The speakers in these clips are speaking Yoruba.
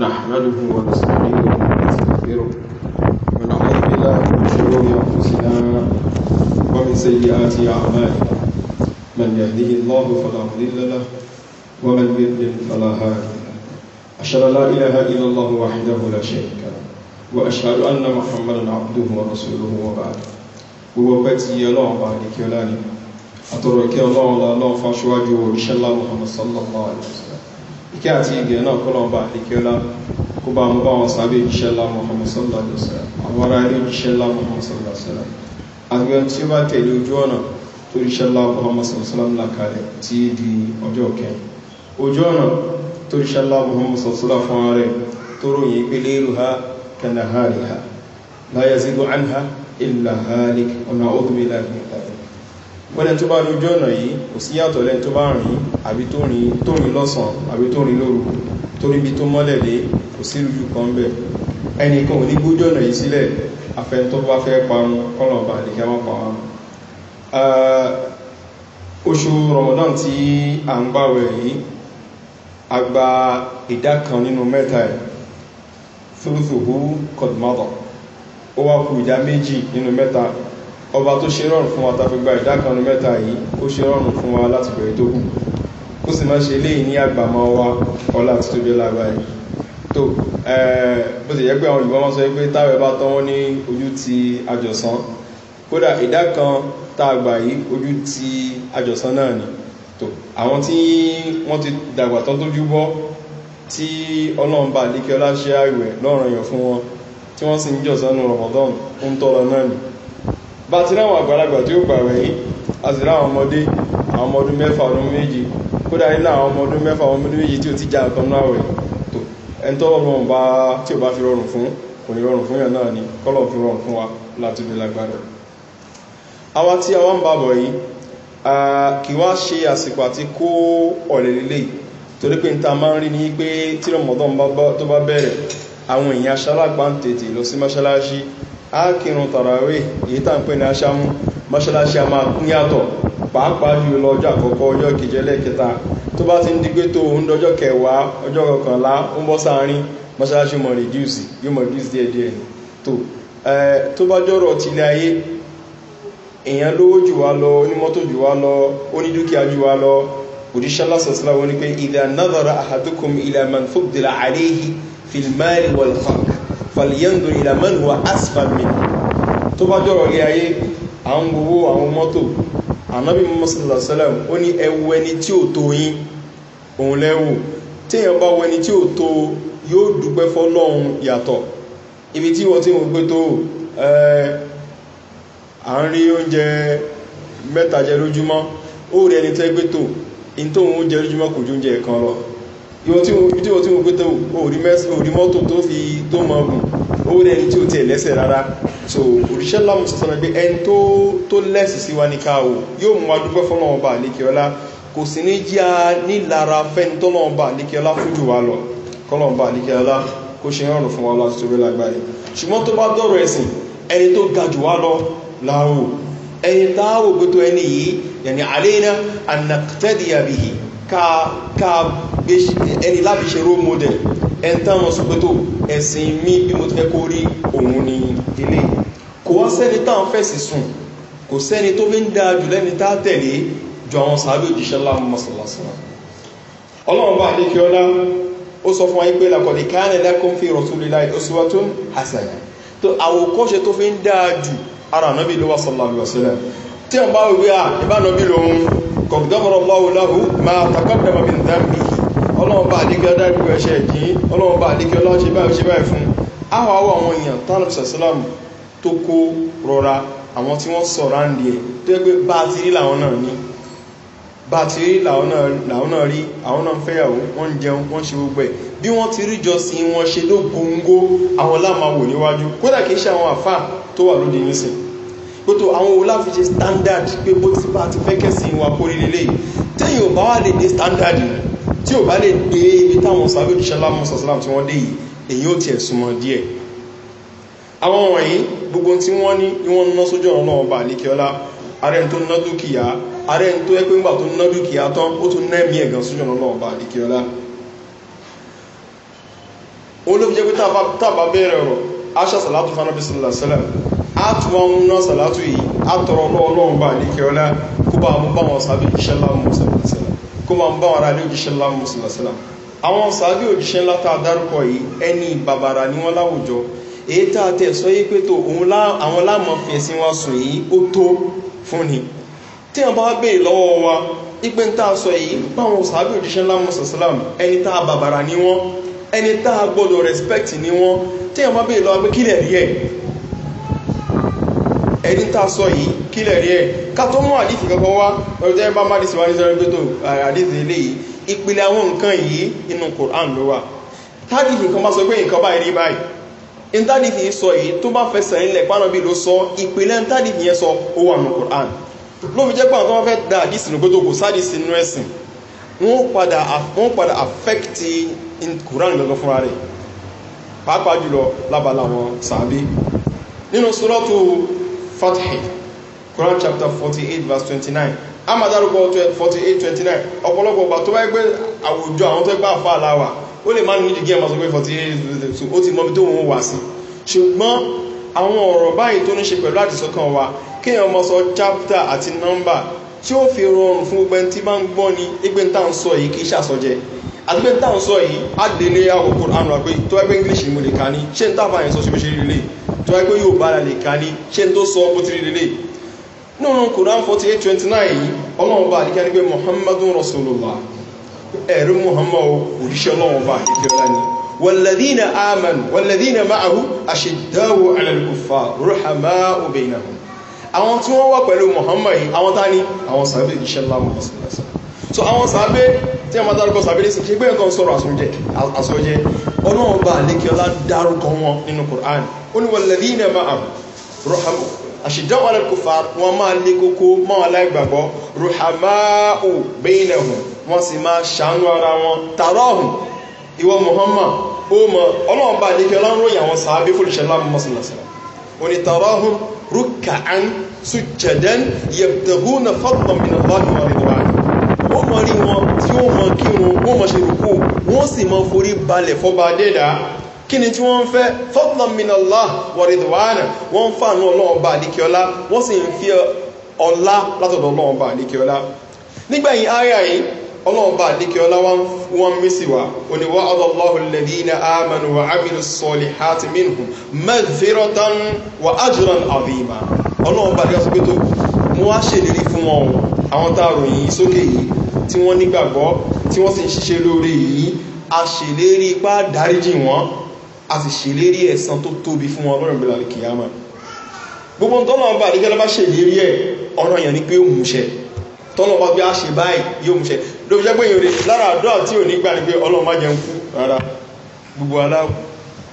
نحمده ونستعينه ونستغفره ونعوذ بالله من شرور انفسنا ومن سيئات اعمالنا من يهده الله فلا مضل له ومن يضلل فلا هادي له اشهد ان لا اله الا الله وحده لا شريك له واشهد ان محمدا عبده ورسوله وبعد gbogbo pẹ́ ti ọlọ́run bá ní kí ọlá ni àtọ̀rọ̀ kí ọlọ́run lọ́ọ́ الله fasiwaju òṣèlá muhammad sallallahu alaihi wa sallam ìkẹ́ àti ìgẹ̀ náà kọ́lọ̀ọ̀bà ìkẹ́ọ́lá kó bá mú bá wọn sàábé ìṣẹ́lá Muhammad sallallahu alaihi wasallam àwọn ará ilé ìṣẹ́lá Muhammad sallallahu alaihi wasallam àgbẹ̀ tí ó bá tẹ̀lé ojú ọ̀nà tó ìṣẹ́lá Muhammad sallallahu alaihi tí di wọ́n tó bá lójú ọ̀nà yìí kò sí yàtọ̀ lẹ́n tó bá rìn àbí tó rìn lọ́sàn àbí tó rìn lóru torí bí tó mọ́lẹ̀ lé kò sí lójú kan bẹ̀ ẹnìkan ò ní gbójú ọ̀nà yìí sílẹ̀ afẹ́ tó bá fẹ́ parun kọ́nà bá ó wá kù ìdá méjì nínú mẹ́ta ọba tó ṣe rọrùn fún wa tàbígbà ìdákanu mẹ́ta yìí ó ṣe rọrùn fún wa láti bẹ̀rẹ̀ tó kù ó sì máa ṣe léyìn ní àgbàmọ́ wa ọlá àti tó jẹ́ lágbàáyé tó bó ti yẹ́ pé àwọn olùgbọ́n sọ pé táwẹ̀ bá tán wọ́n ní ojú ti àjọ̀sán kódà ìdá kan tá a gbà yìí ojú ti àjọ̀sán náà ni tó àwọn tí wọ́n ti dàgbà tán tójú bọ́ tí ọlọ́run bá lékẹ́ ọlá ṣe àìwẹ̀ lọ́rọ̀ èèyàn fún wọn tí wọ́n sì ń jọ̀sán nù rọ̀mọ́dọ́n ń tọrọ náà ni bá ti ráwọn àgbàlagbà tí ó gbà wẹ̀yìn a sì ráwọn ọmọdé àwọn ọmọ ọdún mẹ́fà ọdún méjì kódà nínú àwọn ọmọ ọdún mẹ́fà ọmọ ọdún méjì tí ó ti já ọ̀tọ̀ náà tó ẹntọ́ ọlọ́run bá tí ó bá fi rọrùn fún kò ní rọrùn fún yàn náà ni kọ́lọ̀ fi rọrùn fún wa látúndé lágbára àwa tí a wá ń bàbọ̀ yìí kì wá ṣe àsìkò àti kó ọ̀lẹ̀ lílé torí pé níta máa ń rí ni pé tí rọmọdán tó bá bẹ̀rẹ̀ àwọn èèyàn aṣálágbá ń tètè lọ sí mọ́ṣáláṣí á kírun tàràwé èyí tà ń pè ní aṣámú mọ́ṣáláṣí a máa kún yàtọ̀ pàápàá jù lọ ọjọ́ àkọ́kọ́ ọjọ́ kejìlẹ̀ kẹta tó bá ti ń dígbé tó ń dọjọ́ kẹwàá ọjọ́ kọkànlá ń bọ́ sáárín mọ́ṣáláṣí mọ̀ reduce yóò mọ̀ reduce díẹ̀ tó tó bá jọ́rọ̀ ti ayé èèyàn lówó jù wá lọ onímọ́tò jù wá lọ onídúkìá jù wá lọ òdíṣẹ́ lásàsílá wọn ni pé ìdá fàlìyàndò ìlàmẹ́nu wa asfami tó bá jọ̀rọ̀ rí ayé àwọn gbogbo àwọn mọ́tò ànábì mọ́sánlá sẹ́lẹ̀m ó ní ẹwu ẹni tí ò tó yín òun lẹ́wù téèyàn bá wọ ẹni tí ò tó yóò dúpẹ́ fọ́lọ́hun yàtọ̀ ibi tí wọ́n ti wọ́n gbé tó à ń rí oúnjẹ mẹ́ta jẹ lójúmọ́ ó rẹ̀ ẹni tẹ́ gbé tó in oúnjẹ lójúmọ́ kò ju oúnjẹ kan lọ ìwọ tí wọ́n tí wọ́n gbé tó orí mọ́tò tó fi tó mọ́ ọgùn owó rẹ̀ tí ó ti ẹ̀lẹ́sẹ̀ rárá so òrìṣẹ́ lámù sọ̀sọ̀ rẹ̀ pé ẹni tó lẹ́sì sí wa ní ká o yóò mú wa dúpẹ́ fọ́lọ́wọ́n bá ní kíọ́lá kò sí ní jí a nílara fẹ́ni tọ́lọ́wọ́n bá ní kíọ́lá fújù wa lọ kọ́lọ́wọ́n bá ní ṣe rọrùn fún wa láti torí lágbàáyé ṣùgbọ́n tó bá dọ̀rọ̀ ẹ̀sìn ẹni tó ga jù wá lọ láàrò ẹni táàrò gbé ẹni yìí yẹni àlééná ànàkùtẹ́dìyàbìyì Ka ká gbé ẹni láti ṣe role model ẹni tán wọn sọ pé tó ẹ̀sìn mi bí mo ti fẹ́ kó rí òun ni ilé kò wọ́n sẹ́ni tán fẹ̀sì sùn kò sẹ́ni tó fi ń dáa jù lẹ́ni tá tẹ̀lé ju àwọn sàábì òjíṣẹ́ láwọn mọ̀sálásán ọlọ́run bá àdékè ọlá ó sọ fún wa pé làkọ̀dé káàní lákùn fi rọ̀túlẹ̀ láì oṣùwà tó ń àṣàyà tó àwòkọ́ṣe tó fi ń dáa jù ara ànábì ló wà sọ́lá àlùwàṣẹ́lẹ̀ tí wọ́n bá wù pé à ìbá ànábì lòun kọ̀dùgọ́bọ̀rọ̀ lọ́wọ́láwọ́ máa takọ́dàmà bí dáàbì ọlọ́run bá àdíkẹ́ dáàbì ẹ̀ṣẹ́ ìdí ọlọ́run bá àdíkẹ́ ọlọ́run ṣe báyìí ṣe báyìí fún àwọn àwọn àwọn èèyàn tánàbì sàṣálàmù tó kó rọra àwọn tí wọ́n sọ̀rọ̀ àǹdí ẹ̀ tó yẹ pé bá ti rí làwọn náà ní bá ti rí làwọn náà rí àwọn náà ń fẹ́yàwó wọ́n ń jẹun wọ́n ṣe gbogbo ẹ̀ bí wọ́n ti rí jọsìn wọn ṣe ló gbòǹgó àwọn lámàwò níwájú kódà kìí ṣe àwọn àfáà tó wà lóde nísìnyí pẹ̀tò àwọn owó láfi ṣe standard pé bó ti bá ti fẹ́kẹ́ sí wa kó rí lélẹ̀ tẹ́yìn ò bá wà lè dé standard tí ò bá lè dé ibi táwọn sàbẹ̀ òjíṣẹ́ lámú sàsàlám tí wọ́n dé yìí èyí ò tiẹ̀ súnmọ́ díẹ̀ àwọn wọ̀nyí gbogbo tí wọ́n ní ni wọ́n ná sójú ọ̀rọ̀ náà ọba àlékiọlá ààrẹ tó ná dúkìá ààrẹ tó yẹ pé ńgbà tó ná dúkìá tán ó tún ná ẹ̀mí ẹ̀gàn sójú ọ̀rọ̀ náà ọba àlékiọlá olóòfin jẹ́ pé tábà bẹ̀rẹ̀ ọ̀rọ̀ aṣáṣà látúfánábísí lásẹ̀lẹ̀ a tún wọn ń ná sàlátù yìí a tọrọ ọlọ́run bá àdékẹ́ ọlá kó bá mú báwọn sàbí òjíṣẹ́ ńlá mú sàlásílà kó bá mú báwọn ará ilé òjíṣẹ́ ńlá mú sàlásílà àwọn sàbí òjíṣẹ́ ńlá tá a dárúkọ yìí ẹni bàbàrà ni wọ́n láwùjọ èyí tá a tẹ̀ sọ yìí pé tó àwọn láàmú fi ẹ̀sìn wa sùn yìí ó tó fún ni tí wọn sàbí òjíṣẹ́ ńlá ẹni tá a sọ yìí kílẹ̀ rí ẹ̀ ká tó mú àdìsí kankan wá ọjọ́ ẹ bá má dìsí wá ní sọ́rọ́ pé tó àdìsí eléyìí ìpìlẹ̀ àwọn nǹkan yìí inú quran ló wà tádìsí nǹkan bá sọ pé nǹkan báyìí rí báyìí ntádìsí yìí sọ yìí tó bá fẹsẹ̀ ńlẹ̀ pánàbí ló sọ ìpìlẹ̀ ntádìsí yẹn sọ ó wà nù quran lómi jẹ́ pé àwọn tó bá fẹ́ da àdìsí nù pé tó kò sádìsí nù ẹ̀sìn wọ́n padà wọ́n padà affecti quran lọ́dọ̀ fúnra rẹ̀ pàápàá jùlọ lábala wọn sàbí nínú sọ́lọ́tù fathi Quran chapter 48 verse 29 a máa dárúkọ 48 29 ọ̀pọ̀lọpọ̀ ọgbà tó bá gbé àwùjọ àwọn tó gbà fà láwà ó lè máa nídìí gíẹ̀mà sọ pé 48 ó ti mọ́bí tó wọ́n wà sí ṣùgbọ́n àwọn ọ̀rọ̀ báyìí tó ní ṣe pẹ̀lú àdìsọ́kàn wa kéèyàn mọ́ sọ chapter àti number tí ó fi rọrùn fún gbẹ́ntí máa ń gbọ́ ni ìgbẹ́ntà ń sọ èyí kìí ṣàsọjẹ́ àgbẹ̀ ń táwọn sọ yìí á lè lé àwọn kòránù àpé tó ẹgbẹ́ english mo lè ka ní ṣé ń táwọn àyẹ̀sọ ṣe bó ṣe rí lè tó ẹgbẹ́ yóò bá lè ka ní ṣé ń tó sọ bó ti rí lè nínú kòránù forty eight twenty nine yìí ọlọ́run bá àdìkẹ́ ni pé muhammadu rasulillah ẹ̀rí muhammadu òjíṣẹ́ ọlọ́run àdìkẹ́ ọlá ni wàlladínà amanu wàlladínà máàhù àṣedáwò alẹ́lùkùfà rúhàmá òbẹ̀yìnà so àwọn sàábé tí a máa dárúkọ sàábé lè sì kí gbé nǹkan sọ̀rọ̀ àsọjẹ́ ọlọ́run bá lékè ọlá dárúkọ wọn nínú quran ó ní wọlẹ̀dí ilẹ̀ máa àrùn rọ́hàmù àṣìdáwọn alẹ́kùfà wọn máa lé kókó máa láìgbàgbọ́ rọ́hàmáù bẹ́ẹ̀nẹ̀hùn wọ́n sì máa ṣàánú ara wọn tààrọ̀hùn ìwọ muhammad ó mọ ọlọ́run bá lékè ọlá ń wọ́n mọ̀ rí wọn tí ó mọ̀ kí wọn wọ́n mọ̀ ṣe rúkú wọ́n sì mọ̀ forí balẹ̀ fọ́ba dẹ́dà kí ni tí wọ́n ń fẹ́ fọ́tàn mìnàlá wọ̀rìdìwárì wọ́n ń fàánú ọlọ́ọ̀bà àdíkíọlá wọ́n sì ń fi ọlá látọ̀dọ̀ ọlọ́ọ̀bà àdíkíọlá nígbẹ̀yìn ara yìí ọlọ́ọ̀bà àdíkíọlá wọ́n mí sí wa oníwà ọlọ́ọ̀lọ́hùn lẹ́dínà àmàlù wà ábìlù sọ̀lì àti mìíràn mẹ́fìrọ̀tàn wà ájúràn àbìmà ọlọ́ọ̀bà àdíkíọlá àwọn tá a ròyìn sókè yìí tí wọ́n nígbàgbọ́ tí wọ́n sì ń ṣiṣẹ́ lórí yìí a ṣèlérí ipá dáríjì wọn a sì ṣèlérí ẹ̀sán tó tóbi fún wọn lọ́rùn bílá kìyàmà gbogbo tọ́lọ̀ bá àdíkẹ́ lọ́bá ṣèlérí ẹ̀ ọ̀rọ̀ yẹn ni pé ó múṣẹ tọ́lọ̀ bá bí a ṣe báyìí yóò múṣẹ ló jẹ́ pé ìrìn lára àdúrà tí ò ní gbà ní pé ọlọ́run má jẹun kú rárá gbogbo aláwọ̀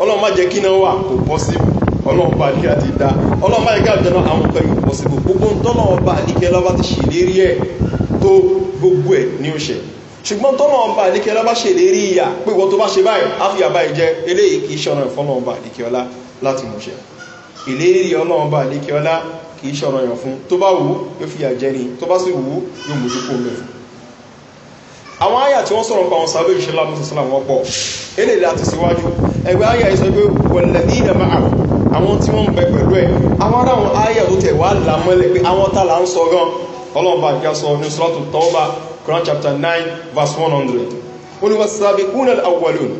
ọlọ́run jẹ́ kí náà wà kò pọ́sibú ọlọ́run bá àdíkẹ́ àti dá ọlọ́run bá àdíkẹ́ àjọ náà àwọn nǹkan impossible gbogbo tọ́lọ́run bá àdíkẹ́ lọ́ba ti ṣèlérí ẹ̀ tó gbogbo ẹ̀ ní ó ṣe ṣùgbọ́n tọ́lọ́run bá àdíkẹ́ lọ́ba ṣèlérí ìyà pé wọ́n tó bá ṣe báyìí á fi àbá ìjẹ eléyìí kì í ṣọ̀nà ìfọ́lọ́run bá àdíkẹ́ ọlá láti mú ṣe ìlérí ọlọ́run bá àdíkẹ́ àwọn àyà tí wọ́n sọ̀rọ̀ pa àwọn sàbẹ̀ ìṣẹ́ lábọ́ sí sílá wọn pọ̀ eléyìí láti síwájú ẹgbẹ́ àyà ìṣẹ́ pé wọ̀lẹ̀ ní ìdàmà àwọn àwọn tí wọ́n ń bẹ pẹ̀lú ẹ̀ àwọn ará àyà tó tẹ̀ wá làmọ́lẹ̀ pé àwọn tá là ń sọ gan ọlọ́ọ̀bà ìjà sọ ní sọ́tù tọ́ọ́bà Quran chapter 9 verse 100 olùwàsàbẹ̀kúnà àwọn wàlúùn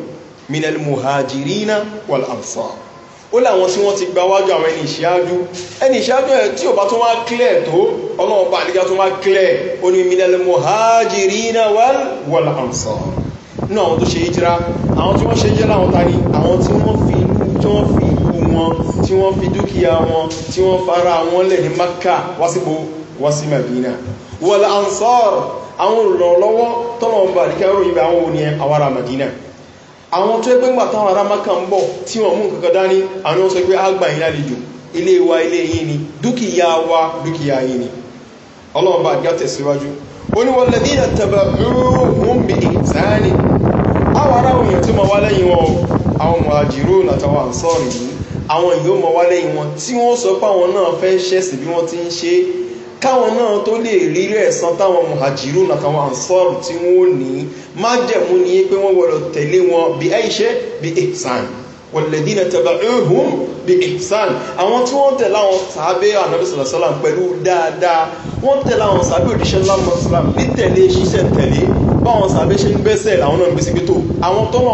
minal muhajirina wal ansar ó láwọn tí wọ́n ti gba wájú àwọn ẹni ìṣáájú ẹni ìṣáájú ẹ̀ tí ò bá tó máa clear tó ọlọ́run bá àdíjá tó máa clear ó ní minal muhajirina wal wal ansar nínú àwọn tó ṣe ìjira àwọn tí wọ́n ṣe jẹ́ láwọn tani àwọn tí wọ́n fi tí wọ́n fi ìlú wọn tí wọ́n fi dúkìá wọn tí wọ́n fara wọn lẹ̀ ní maka wásìbò wásí madina wal ansar àwọn olùrànlọ́wọ́ tọ́lọ̀ àwọn tó ẹgbẹ́ ńgbà táwọn ará maka ń bọ̀ tí wọ́n mú nǹkan dání àwọn sọ pé àgbà yìí lálejò ilé wa ilé yìí ni dúkìá wa dúkìá yìí ni ọlọ́run bá àdíyà tẹ̀síwájú ó ní wọ́n lẹ́bí ìdàtàbà mìíràn bí bí wọ́n káwọn náà tó lè rí ẹ̀sán táwọn muhajiru àtàwọn ansor tí wọ́n ní májẹ̀mú ni pé wọ́n wọ̀lọ̀ tẹ̀lé wọn bí àìṣẹ́ bí ihsan wọ̀lẹ̀dínà tẹ̀bà ẹ̀hùn bí ihsan àwọn tí wọ́n tẹ̀lé àwọn sàábẹ́ ànábìsọ̀lọ́sọ́lá pẹ̀lú dáadáa wọ́n tẹ̀lé àwọn sàábẹ́ òdíṣẹ́ lámọ́sọ́lá ní tẹ̀lé ṣiṣẹ́ tẹ̀lé báwọn sàbẹ́ ṣe ń bẹ́sẹ̀ làwọn náà ń gbèsè pẹ́tò àwọn tọ́nà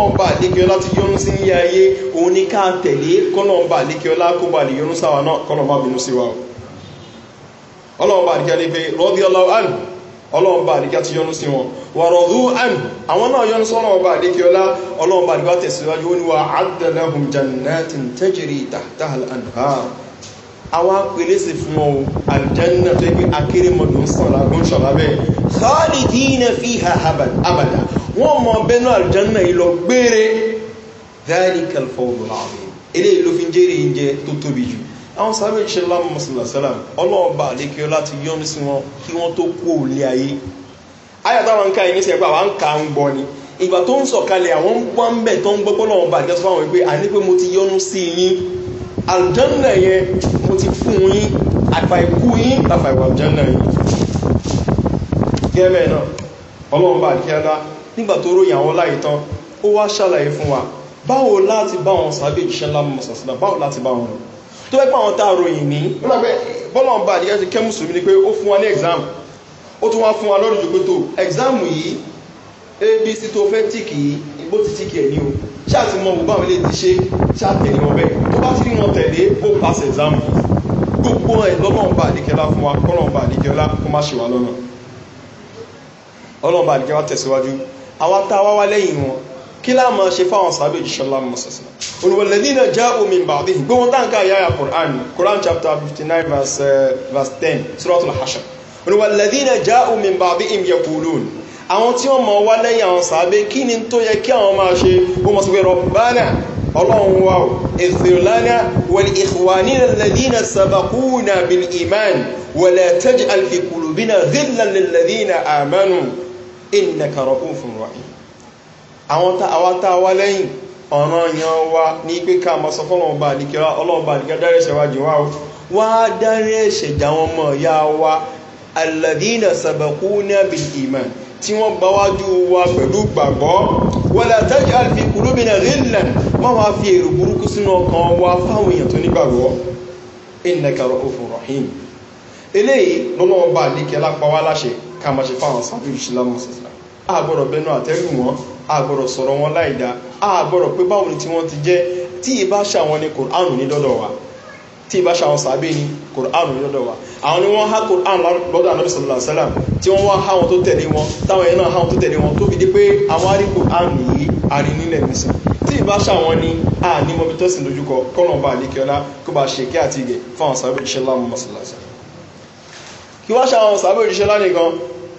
ọlọ́run bá àdíjá ní pé rọ́dí ọlọ́run àánú ọlọ́run bá àdíjá ti yọnu sí wọn wà rọ̀dú àánú àwọn náà yọnu sọ́rọ̀ bá àdíkẹ́ ọlá ọlọ́run bá àdíjá tẹ̀síwájú ó ní wa àdàlẹ́hùn jannatin tẹ́jìrì tahtal anhar àwọn apèlésì fún ọ àjẹ́nà tó gbé akérèmọ̀dù ń sàn àwọn sábẹ́ ìṣe lámù mọ́sálà sálàm ọlọ́run bá àlékè láti yọ́nú sí wọn kí wọ́n tó kú òlé ayé ayọ̀ táwọn ń ka yìí níṣẹ́ pé àwọn ń ka ń gbọ́ ni ìgbà tó ń sọ̀kalẹ̀ àwọn wá ń bẹ̀ tó ń gbọ́ pọ́lọ́run bá àjọ sọ fáwọn pé àní pé mo ti yọ́nú sí yín àlùjọ́nà yẹn mo ti fún yín àgbà ikú yín àgbà ìwà àlùjọ́nà yín gẹ́mẹ̀ náà ọlọ́run bá àdíkẹ́ ńlá nígbà tó ròyìn àwọn láì tán ó wá ṣàlàyé fún wa báwo láti bá wọn sábẹ́ ìṣẹ́ ńlá mọ̀sàsílà báwo láti bá wọn rìn tó bẹ́ pé àwọn tá a ròyìn ní bọ́lá ọba àdìgá ti kẹ́ mùsùlùmí ni pé ó fún wa ní exam ó tún wá fún wa lọ́rùn jùgbé tó exam yìí abc tó fẹ́ tíìkì yìí igbó ti tíìkì ẹ̀ ní o ṣáà ti mọ gbogbo àwọn ilé ti ṣe ṣáà tẹ̀lé wọn bẹ́ẹ̀ tó bá ti rí wọn tẹ̀lé ó pass exam yìí gbogbo ẹ̀ lọ́nà ọba àdìgẹ́lá fún wa kọ́nà ọba àdìgẹ́lá kó má ṣe wà lọ́nà ọlọ́ọ̀ba àdìgẹ́lá tẹ̀síwájú àwọn táwa wá lẹ́yìn wọn kila ma ṣe fáwọn sàábì ìṣọ́lá mọ́sàsílá olùwẹ̀lẹ́dínà já omi ìbàdí gbé wọn táǹkà yáyà quran quran chapter fifty nine verse verse ten surat al-hashar olùwẹ̀lẹ́dínà já omi ìbàdí ìmìyẹ̀kùlùn àwọn tí wọ́n mọ̀ wá lẹ́yìn àwọn sàábì kí ni tó yẹ kí àwọn máa ṣe wọ́n mọ̀ sí pé rọ̀bánà ọlọ́run wa ìfìlánà wọ́n ìfìwánínà lẹ́dínà sàbàkúnà bil iman wọ́lẹ̀ tẹ́jì alfikùlùbínà zílànlẹ́dínà àmánù ìnàkàrọ̀kùn fún wáyé àwọn tá a wá lẹ́yìn ọ̀ràn yan wa ní pé ká ma sọ fọ́lọ́wọ́n bá àdìkẹ́ ọlọ́wọ́n bá àdìkẹ́ dárí ẹ̀ṣẹ̀ wa jù wá o wá dárí ẹ̀ṣẹ̀ jà wọn mọ̀ ya wa aladina sabaku nabi iman tí wọ́n gba wájú wa pẹ̀lú gbàgbọ́ wọ́n àtàjì àfi kùlúbìnà rílẹ̀ wọ́n wá fi èrò burúkú sínú ọkàn wa fáwọn èèyàn tó nígbàgbọ́ ìnẹ̀kàrọ̀ òfin rahim eléyìí lọ́nà ọba àdíkẹ́ lápá wá láṣẹ ká máa ṣe fáwọn sábẹ́ ìṣìlámù sísá àgbọ̀rọ̀ bẹ́nu àtẹ́gùn wọn àgbọ̀rọ̀ sọ̀rọ̀ wọn láìdá àgbọ̀rọ̀ pé báwo ni tí wọ́n ti jẹ́ tí ìbá ṣàwọn ní kòránù ní dọ́dọ̀ wa tí ìbá ṣàwọn sàbẹ̀ ní kòránù ní dọ́dọ̀ wa àwọn ni wọ́n há kòránù lọ́dọ̀ ànábì sọ̀rọ̀ làṣẹ́là tí wọ́n wá há wọn tó tẹ̀lé wọn táwọn yẹn náà há wọn tó tẹ̀lé wọn tó fi di pé àwọn arí kòránù yìí arí nílẹ̀ mẹ́sàn tí ìbá ṣàwọn ní àní mọ́bí tẹ́sìn lójúkọ kọ́nà kí wá ṣàwọn sàbẹ̀ òṣìṣẹ́ lá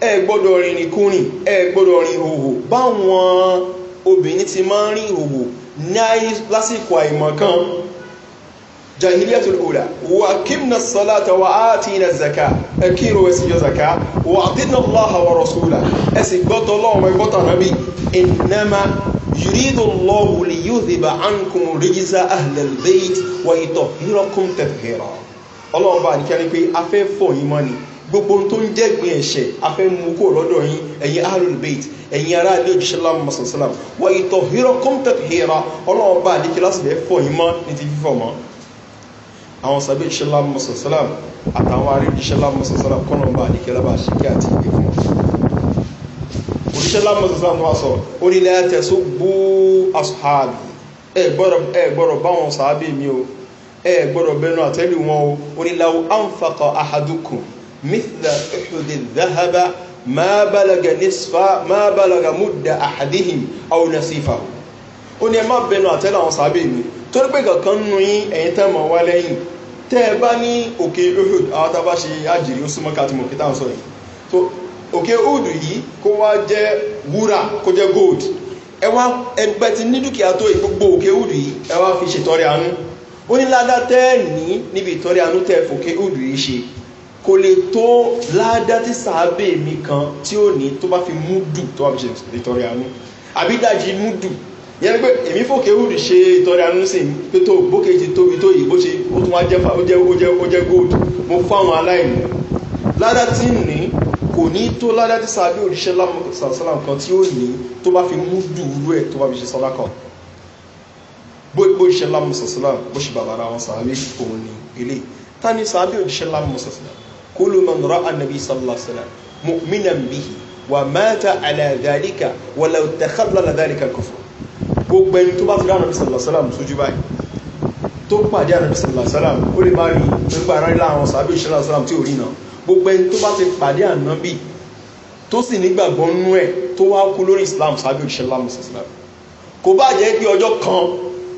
ẹ gbọ́dọ̀ rìnrìn kúrìn ẹ gbọ́dọ̀ rìn ìhòhò báwọn obìnrin ti máa ń rìn ìhòhò ní lásìkò àìmọ̀kan jahiliya tulkula wa kimna salata wa atina zaka ẹ kírò ẹ sì yọ zaka wa àdínà allaha wa rasula ẹ sì gbọ́tọ̀ lọ́wọ́ ẹ gbọ́tọ̀ nabi innama yuridu allahu li yudhiba ankum rijza ahlal bayt wa yutahhirakum tatheera ọlọ́run bá nìkan ni pé afẹ́ fọ̀ yín mọ́ ni gbogbo tó ń jẹ́ ìpín ẹ̀ṣẹ̀ afẹ́mu kó lọ́dọ̀ yín ẹ̀yin ahlul bayt ẹ̀yin ará ilé òjíṣẹ́ lámà sàlám wà ìtọ̀ hírọ̀ kọ́mtẹ̀t hírà ọlọ́run bá àdékè lásìlẹ̀ fọ̀ yín mọ́ ní ti fífọ̀ mọ́. àwọn sàbẹ̀ òjíṣẹ́ lámà sàlám àtàwọn ará òjíṣẹ́ lámà sàlám kọ́nà bá àdékè lábà àṣekè àti ìgbè fún wọn. òjíṣẹ́ lámà sàlám wá sọ orílẹ̀ tẹ̀sọ́ bú asuhaabi ẹ̀ gbọ́dọ̀ báwọn gbọ́dọ̀ مثل أحد الذهب ما بلغ نصف ما بلغ مد أحدهم أو نصفه. ó ní ẹ má bẹnu àtẹ́lẹ àwọn sábẹ́ mi torí pé kankan nù yín ẹ̀yin tẹ́ mọ̀ wá lẹ́yìn tẹ́ ẹ bá ní òkè Uhud àwọn tá a bá ṣe àjèrè ó káàtì mọ̀kí táwọn sọ yìí so òkè Uhud yìí kó wá jẹ́ wúrà kó jẹ́ gold ẹ wá ẹgbẹ́ ti ní dúkìá tó gbogbo òkè Uhud yìí ẹ wá fi ṣètọ́rẹ́ àánú ó ládàá tẹ́ ẹ ní níbi ìtọ́rẹ́ àánú tẹ́ fòkè Uhud yìí ṣe kò lè tó ládá tí sàábè mi kan tí ó ní tó bá fi múdù tó wà fi ṣe ìtọrẹ àánú àbí dájí múdù yẹn pé èmi fòkè hùdù ṣe ìtọrẹ àánú sí pé tó bókejì tóbi tó yìí bó ṣe ó tún wá jẹ́ ó jẹ́ ó jẹ́ ó jẹ́ gold mo fáwọn aláìní ládá tí ń ní kò ní tó ládá tí sàábè òṣìṣẹ́ sàlám kan tí ó ní tó bá fi múdù rú ẹ̀ tó bá fi ṣe sọ́lá kan bó ìṣẹ́ lámùsọ̀sọ́lá bó ṣe bàbára wọn sàábè òun ní ilé ta ni sàábè òṣìṣẹ́ lámùsọ̀sọ́lá كل من رأى النبي صلى الله عليه وسلم مؤمنا به، ومات على ذلك، ولو law takhallala dhalika al-kufr gbogbo ẹni tó bá ti rí anabi sallallahu alaihi wasallam sójú báyìí tó pàdé anabi sallallahu alaihi wasallam ó lè bá rí nígbà ara rí láwọn sàbí sallallahu alaihi wasallam tí ò rí náà gbogbo ẹni tó bá ti pàdé anabi tó sì nígbàgbọ́ nú ẹ̀ tó wá kú lórí islam sàbí sallallahu alaihi wasallam kò bá jẹ́ pé ọjọ́ kan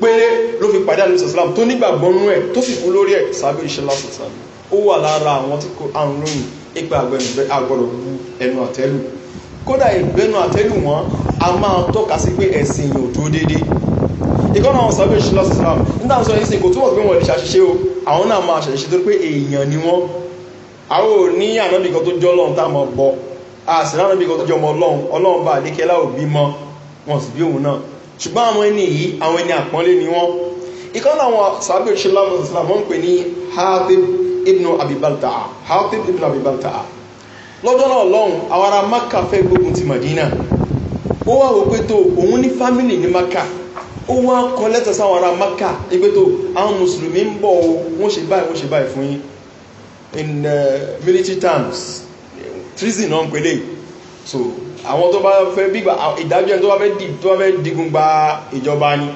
péré ló fi pàdé àlùsọ̀ islam tó nígbàgbọ́ nú ẹ̀ tó sì kú lórí ẹ̀ sàbí ìṣẹ́lá sàbí ó wà lára àwọn tí kò àrùn lóyìn ipa àgbọ̀dọ̀ wu ẹnu àtẹ́lù kódà ìgbẹ́nu àtẹ́lù wọn a máa tọ́ka sí pé ẹ̀sìn yìí ò tó déédéé ìkọ́nà àwọn sọ́bẹ̀ ìṣúná islam nígbà tó sọ yìí sí kò túbọ̀ pé wọ́n lè ṣàṣìṣe o àwọn náà máa ṣàṣìṣe tó pé èèyàn ni wọ́n àwọn ò ní ànábì kan tó jọ́ lọ́run tá a máa bọ àṣìlá ànábì kan tó jọmọ ọlọ́run ọlọ́run bá àdékẹ́lá òbí mọ́ wọn sì bí òun náà ṣùgbọ́n àwọn ẹni yìí àwọn ẹni àpọ́nlé ni wọ́n ìkan àwọn sàbí òṣìṣẹ́ lámọ̀ ń pè ní hatib ibn abibalta hatib ibn abibalta lọ́jọ́ náà lọ́hùn àwọn ará maka fẹ́ gbógun ti madina ó wá wò pé tó òun ní fámìlì ní maka ó wá kọ lẹ́tọ̀ sáwọn ará maka ìgbé tó àwọn mùsùlùmí ń bọ̀ wọ́n ṣe báyìí wọ́n ṣe báyìí fún yín in uh, military terms treason náà ń pèlè so àwọn tó bá fẹ́ bí ìdájọ́ tó bá fẹ́ digun gba ìjọba ni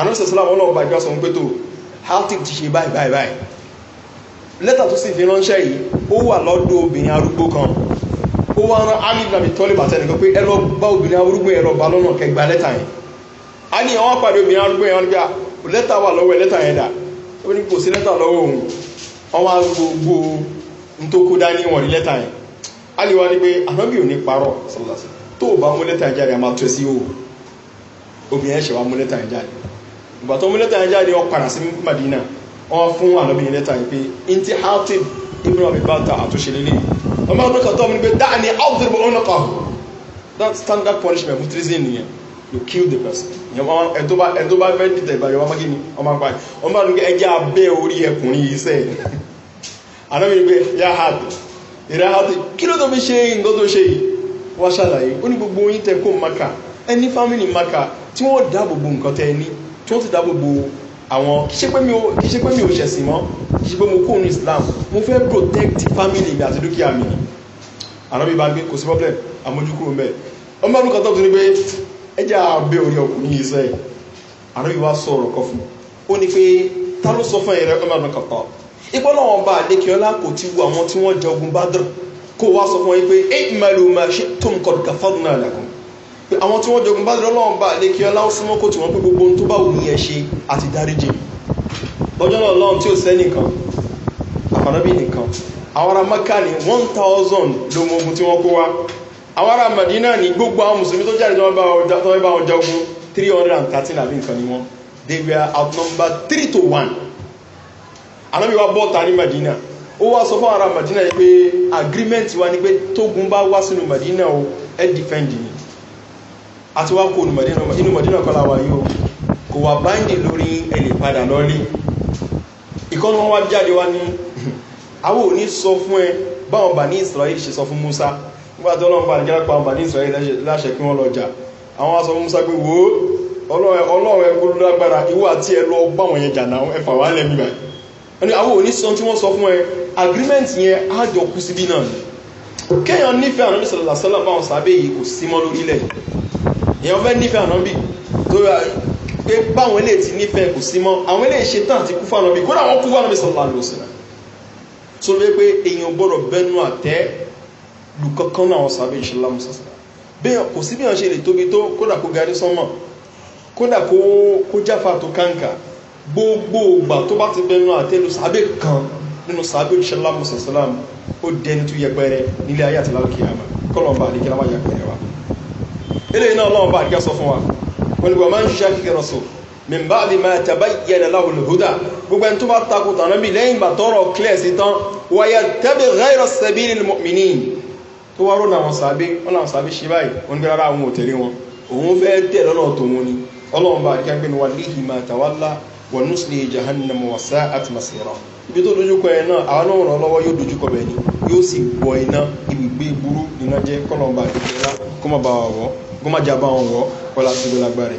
anọ́sẹ̀ sọ́lá wọn náà gbàgbé ọ̀sán pé tó haltik ti ṣe báyìí báyìí báyìí lẹ́tà tó sì fi ránṣẹ́ yìí ó wà lọ́dọ̀ obìnrin arúgbó kan ó wá rán ali nàbí tọ́lé bàtẹ́ nìkan pé ẹ lọ bá obìnrin arúgbó yẹn lọ bá lọ́nà kẹgbà lẹ́tà yẹn a ní àwọn pàdé obìnrin arúgbó yẹn wọn gbà lẹ́tà wà lọ́wọ́ lẹ́tà yẹn dà ó ní kò sí lẹ́tà lọ́wọ́ òun wọn wá gbogbo ntókó dání wọn rí lẹ́tà yẹn ali wá ní pé ànábì ò ní parọ́ tó o bá mú lẹ́tà yẹn jáde a máa tẹ́ sí o obìnrin ẹ̀ ṣe wá mú lẹ́tà yẹn jáde ìgbà tó mú lẹ́tà yẹn jáde ó padà sí Madina wọ́n fún ànábìyàn lẹ́tà yìí pé ntí Hatib ibn Abi Balta àtúnṣe lélẹ̀ ọmọ ọdún kan tó mú pé dáa ni outdoor bọ̀ ọ̀nà kan that standard punishment fún treason nìyẹn you kill the person ẹ̀tọ́ bá ẹ̀tọ́ bá fẹ́ dìtẹ̀ ìbàjọ́ wọn kí ni ọmọ apá yìí ọmọ ọdún kan ẹjẹ́ abẹ́ orí ẹkùnrin yìí sẹ́ẹ̀ ànábìyàn pé yá Hatib ìrẹ́ Hatib kí ló tó fi ṣe nǹkan tó ṣe yìí wọ́n ṣàlàyé ó ní gbogbo yín tẹ kó maka ẹni fámìlì maka tí wọ́n dáàbò bo nǹkan tẹ ní tí wọ́n ti dá gbogbo àwọn kì í ṣe pé mi ò kì í ṣe pé ṣẹ̀sìn mọ́ kì ṣe pé mo kó ní islam mo fẹ́ protect family mi àti dúkìá mi àná mi bá ń gbé kò sí problem àmójúkúrò mbẹ́ wọ́n bá lùkọ́ tó tún ní pé ẹ jẹ́ àbẹ̀ orí ọkùnrin yìí sẹ́yìn àná mi wá sọ ọ̀rọ̀ kan fún un ó ní pé ta ló sọ fún ẹ̀rẹ́ ọmọ àná kàtà ipò náà wọn bá àlékè ọlá kò ti wu àwọn tí wọ́n jẹ ogun bá dùn kó wá sọ fún àwọn tí wọ́n jogun bá lọ́lọ́wọ́n bá lè kí ọlá ó súnmọ́ kò tí wọ́n pé gbogbo ohun tó bá wù yẹn ṣe àti dáríjì lọ́jọ́ náà lọ́run tí ó sẹ́ nìkan àfàdọ́bí nìkan àwọn ará maka ní 1000 ló mọ ogun tí wọ́n kó wá àwọn ará madina ní gbogbo àwọn mùsùlùmí tó jáde tó wọ́n bá wọn jagun 313 àbí nǹkan ni wọ́n they were outnumbered three to one. anábì wa bọ́ta ní madina ó wá sọ fún ará madina yìí pé agreement wa ni pé tógun bá wá sínú madina o ẹ defend ni àti wá kó inú mọ̀dínà kọ́lá wa yóò kò wà báyìí lórí ẹni padà lọ́lé ìkọ́nù wọn wá jáde wá ní àwọn ò ní sọ fún ẹ báwọn bà ní israel ṣe sọ fún musa nígbà tí ọlọ́run pàdé jẹ́rẹ́ pa àwọn bà ní israel láṣẹ kí musa pé wo ọlọ́run ẹ gbọ́dọ̀ lágbára ìwọ àti ẹ lọ báwọn yẹn jà náà ẹ fà wá lẹ́mí báyìí ẹni àwọn ò ní sọ tí wọ́n sọ fún ẹ agreement èèyàn fẹ́ nífẹ̀ẹ́ ànábì tó rà pé báwọn eléyìí ti nífẹ̀ẹ́ kò sí mọ́ àwọn eléyìí ṣe tán àti kú fún ànábì kódà wọ́n kú fún ànábì sọ̀rọ̀ àlọ́ sí náà tó lé pé èèyàn gbọ́dọ̀ bẹ́nu àtẹ́ lù kankan náà wọ́n sábẹ́ ìṣẹ́lá mọ́sásá bẹ́ẹ̀ kò sí bí wọ́n ṣe lè tóbi tó kódà kó garí sánmọ̀ kódà kó jáfa tó kàǹkà gbogbo ògbà tó bá ti bẹnu àtẹ́lu sábẹ́ kan eléyìí náà ọlọ́run bá àdíkẹ́ sọ fún wa olùgbà máa ń ṣàkíkẹ́ rọ̀ sọ mẹ́mbà àbí máa tàbá yẹnà láwùl húdà gbogbo ẹni tó bá takò tànà bí lẹ́yìn ìgbà tọrọ clear sí tán wáyà tẹ́bí rẹ́rọ̀ sẹ́bí ní mọ̀mìnì tó wá rọ́nà àwọn sàbí wọn làwọn sàbí ṣe báyìí wọn ní rárá àwọn òtẹ̀lé wọn òun fẹ́ tẹ̀ lọ́nà tòun ni ọlọ́run bá ibi tó dojúkọ ẹ náà àwọn náà ràn lọ́wọ́ yóò dojúkọ bẹ̀ ni yóò sì bọ̀ iná ibùgbé burú níná jẹ́ kọ́lọ́ọ̀bà ìjọba kó kó má jábá wọn wọ́ ọlá sí ló lágbàrẹ̀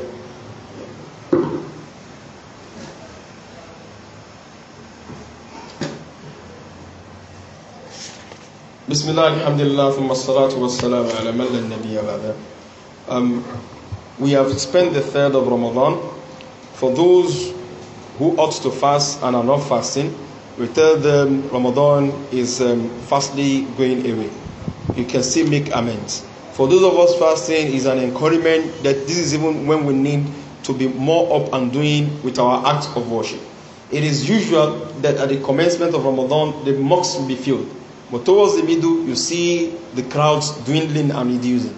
bismillah alhamdulillah thumma salatu wassalam ala man lan nabiyya ba'da um we have spent the third of ramadan for those who ought to fast and are not fasting we tell them Ramadan is um, fastly going away. You can still make amends. For those of us fasting is an encouragement that this is even when we need to be more up and doing with our acts of worship. It is usual that at the commencement of Ramadan, the mosques will be filled. But towards the middle, you see the crowds dwindling and reducing.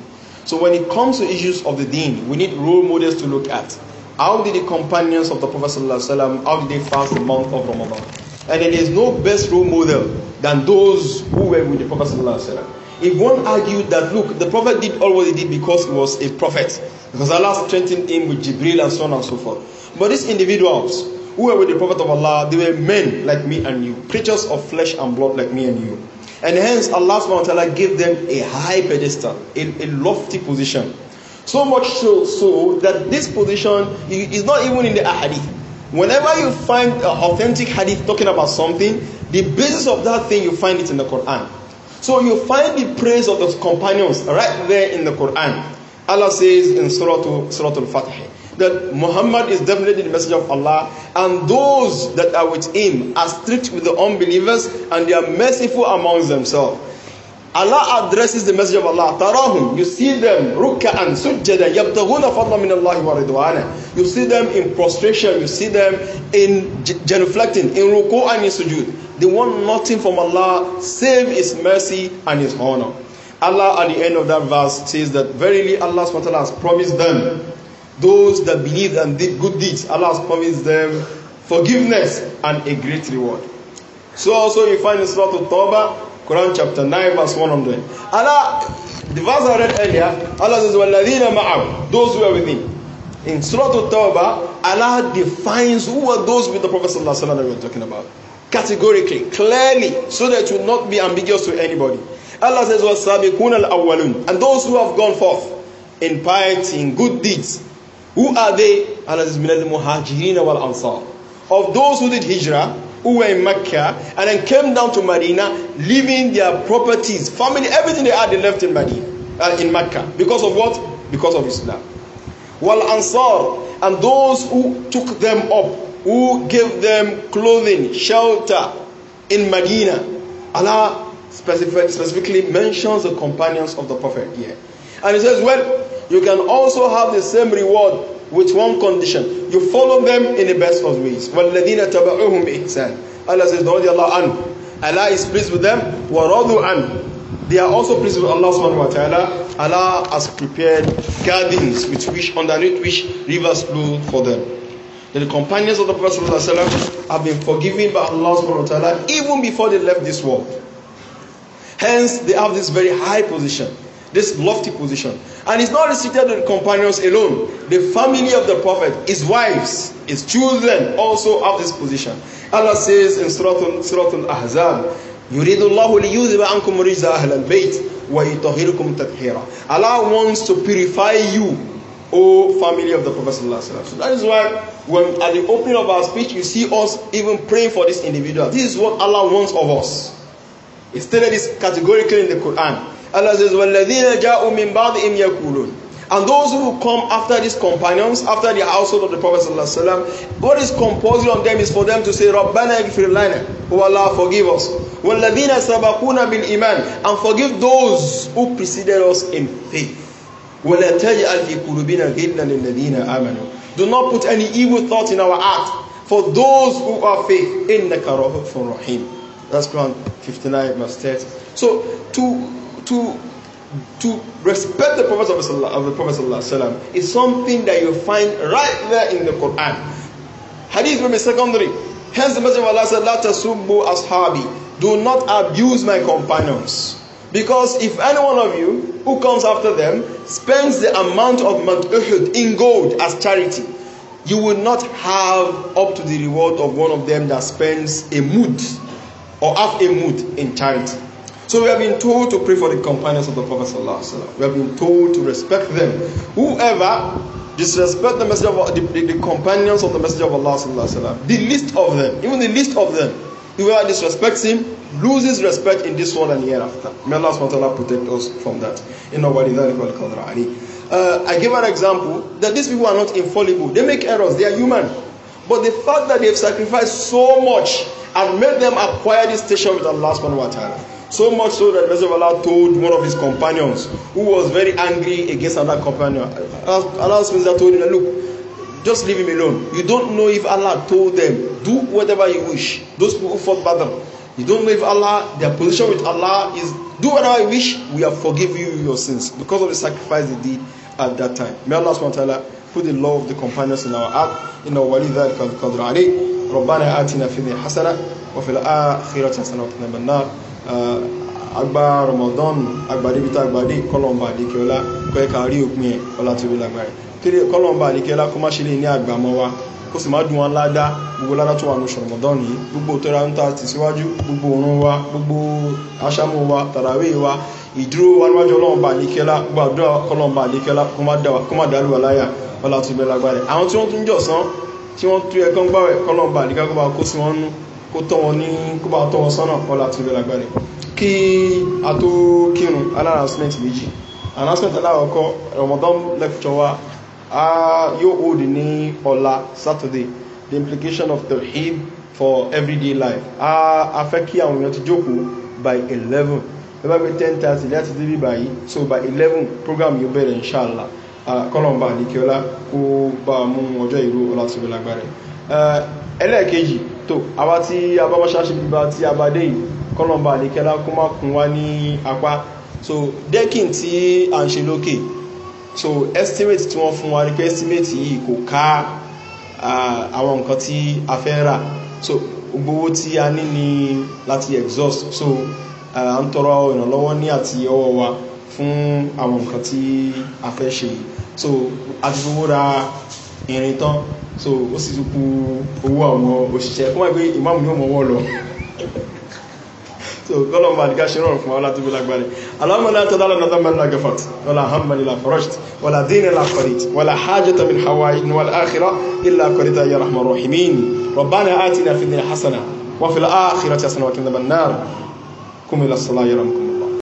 So when it comes to issues of the deen, we need role models to look at. How did the companions of the Prophet ﷺ, how did they fast the month of Ramadan? And there is no best role model than those who were with the Prophet ﷺ. If one argued that, look, the Prophet did all what he did because he was a prophet, because Allah strengthened him with Jibril and so on and so forth. But these individuals who were with the Prophet of Allah, they were men like me and you, creatures of flesh and blood like me and you. And hence, Allah subhanahu wa ta'ala gave them a high pedestal, a, a lofty position. So much so, so that this position is not even in the hadith. Whenever you find an authentic hadith talking about something, the basis of that thing, you find it in the Quran. So you find the praise of the companions right there in the Quran. Allah says in Surah, Al-Fatih that Muhammad is definitely the messenger of Allah and those that are with him are strict with the unbelievers and they are merciful amongst themselves. Allah addresses the message of Allah. Tarahum, you see them rukka'an sujjada yabtaghuna fadlan min Allah wa ridwana. You see them in prostration, you see them in genuflecting, in ruku' and in sujud. They want nothing from Allah save His mercy and His honor. Allah at the end of that verse says that verily Allah SWT has promised them, those that believe and did good deeds, Allah has promised them forgiveness and a great reward. So also you find in Surah Al-Tawbah, Quran chapter 9 verse 100. Allah, the verse I read earlier, Allah says, وَالَّذِينَ مَعَهُ Those who are with him. In Surah Al-Tawbah, Allah defines who are those with the Prophet ﷺ that we are talking about categorically, clearly, so that it will not be ambiguous to anybody. Allah says, وَالسَّابِقُونَ الْأَوَّلُونَ And those who have gone forth in piety, in good deeds, who are they? Allah says, muhajirin wal ansar." Of those who did hijrah, who were in Makkah and then came down to Medina, leaving their properties, family, everything they had, they left in Medina, uh, in Makkah, Because of what? Because of Islam. Wal ansar And those who took them up who gave them clothing, shelter in Medina. Allah specifically mentions the companions of the Prophet here. And he says, well, you can also have the same reward with one condition. You follow them in the best of ways. Allah says, Allah is pleased with them. They are also pleased with Allah subhanahu wa ta'ala. Allah has prepared gardens with which, underneath which rivers flow for them. the companions of the Prophet ﷺ have been forgiven by Allah subhanahu wa ta'ala even before they left this world. Hence, they have this very high position, this lofty position. And it's not restricted to the companions alone. The family of the Prophet, his wives, his children also have this position. Allah says in Surah Al-Ahzab, يريد الله ليذهب عنكم رجز أهل البيت ويطهركم تطهيرا Allah wants to purify you O family of the Prophet. So that is why when at the opening of our speech, you see us even praying for this individual. This is what Allah wants of us. He stated this categorically in the Quran. Allah says, وَالَّذِينَ جَاءُوا مِن بَعْدِهِم يَقُولُونَ And those who come after these companions, after the household of the Prophet ﷺ, what is composing on them is for them to say, رَبَّنَا اغْفِرْ لَنَا Oh Allah, forgive us. وَالَّذِينَ سَبَقُونَ بِالْإِيمَانِ And forgive those who preceded us in faith. وَلَا تَجْعَلْ فِي قُلُوبِنَا غِلًّا لِلَّذِينَ آمَنُوا Do not put any evil thought in our heart for those who are faith. إِنَّكَ رَؤُوفٌ رَحِيمٌ That's Quran 59 verse 30. So to to to respect the Prophet of the Prophet sallam, is something that you find right there in the Quran. Hadith will be secondary. Hence the Messenger of Allah said, "La tasubbu ashabi." Do not abuse my companions. Because if any one of you who comes after them spends the amount of Mount Uhud in gold as charity, you will not have up to the reward of one of them that spends a mood or half a mood in charity. So we have been told to pray for the companions of the Prophet. Sallallahu Alaihi Wasallam. We have been told to respect them. Whoever disrespect the message of the, the, the companions of the message of Allah, Sallallahu Alaihi Wasallam, the least of them, even the least of them whoever disrespects him loses respect in this world and hereafter. May Allah SWT protect us from that. Uh, I give an example that these people are not infallible. They make errors, they are human. But the fact that they've sacrificed so much and made them acquire this station with Allah SWT. So much so that Messenger of Allah told one of his companions who was very angry against another companion. Allah told him, Look, just leave him alone you don't know if allah told them do whatever you wish those people who fought battle you don't know if allah their position with allah is do whatever you wish we have forgiven you your sins because of the sacrifice they did at that time may allah subhanahu wa ta'ala put the love of the companions in our heart in our wali ذلك القدر عليه ربنا آتنا في ذي حسنة وفي الآخرة حسنة وقنا من النار agba ramadan agbadebita agbade kọlọmba adekeola kọ ẹ ka rí òpin ẹ ọlá tóbi lágbára kọ́lọ̀mbà àdíkẹ́lá kó má ṣe lè ní àgbàmọ́ wa kó sì má dùn wọn ládá gbogbo ládá tó wà ní ṣọ̀rọ̀mọ̀dán yìí gbogbo tó ra ń ta tì síwájú gbogbo òórùn wa gbogbo aṣámú wa tàràwé wa ìdúró wa níwájú ọlọ́mọba àdíkẹ́lá gbàdúrà kọ́lọ̀mbà àdíkẹ́lá kó má dàrú wa láyà ọlá tó bẹ lágbára àwọn tí wọ́n tún jọ̀sán tí wọ́n tún ẹ̀kan gbáwẹ̀ kọ́lọ̀mbà àdíkẹ́lá kó bá kó sí wọn nú kó tọ́ wọn ní kó bá Ah, yóò hold ní ọ̀la saturday the implication of the tawhid for everyday life ah, a fẹ́ kí àwọn èèyàn ti jókòó by eleven bẹ́ẹ̀ bí ten thirty láti débí báyìí so by eleven program yóò bẹ̀rẹ̀ inshallah ah, kọ́lọ̀mbà àdìkíọ́lá kó bá mú ọjọ́ ìró ọlátúwẹ̀ lágbàrẹ̀ ẹlẹ́ẹ̀kejì tó àwa tí a bá ṣáṣe bíbá tí a bá dé yìí kọ́lọ̀mbà àdìkíọ́lá kó má kún wá ní apá so dẹ́kìn tí à ń ṣe lókè so estimate tí wọ́n fún wa ni pé estimate yìí kò ká àwọn nǹkan tí a fẹ́ rà so gbogbo owó tí a ní ni láti exhaust so à ń tọrọ ìrànlọ́wọ́ ní àti ọwọ́ wa fún àwọn nǹkan tí a fẹ́ ṣe so a ti fowó ra irin tán so ó sì tún kú owó àwọn òṣìṣẹ́ fún wa pé ìmáàmù yóò mọ ọwọ́ lọ ọlọ́run bá dìgá ṣẹ́rọ̀ fún ọlá tó bí lágbàrí alámọ́lá tó dálọ́ nàdá mẹ́rin lágafat wọlá hambali la farajt wọlá dínì la farit wọlá hajjata min hawaii wọlá akhira illa kọrita ya rahman rahimin rabbana atina fi dunya hasana wa fil akhirati hasana wa qina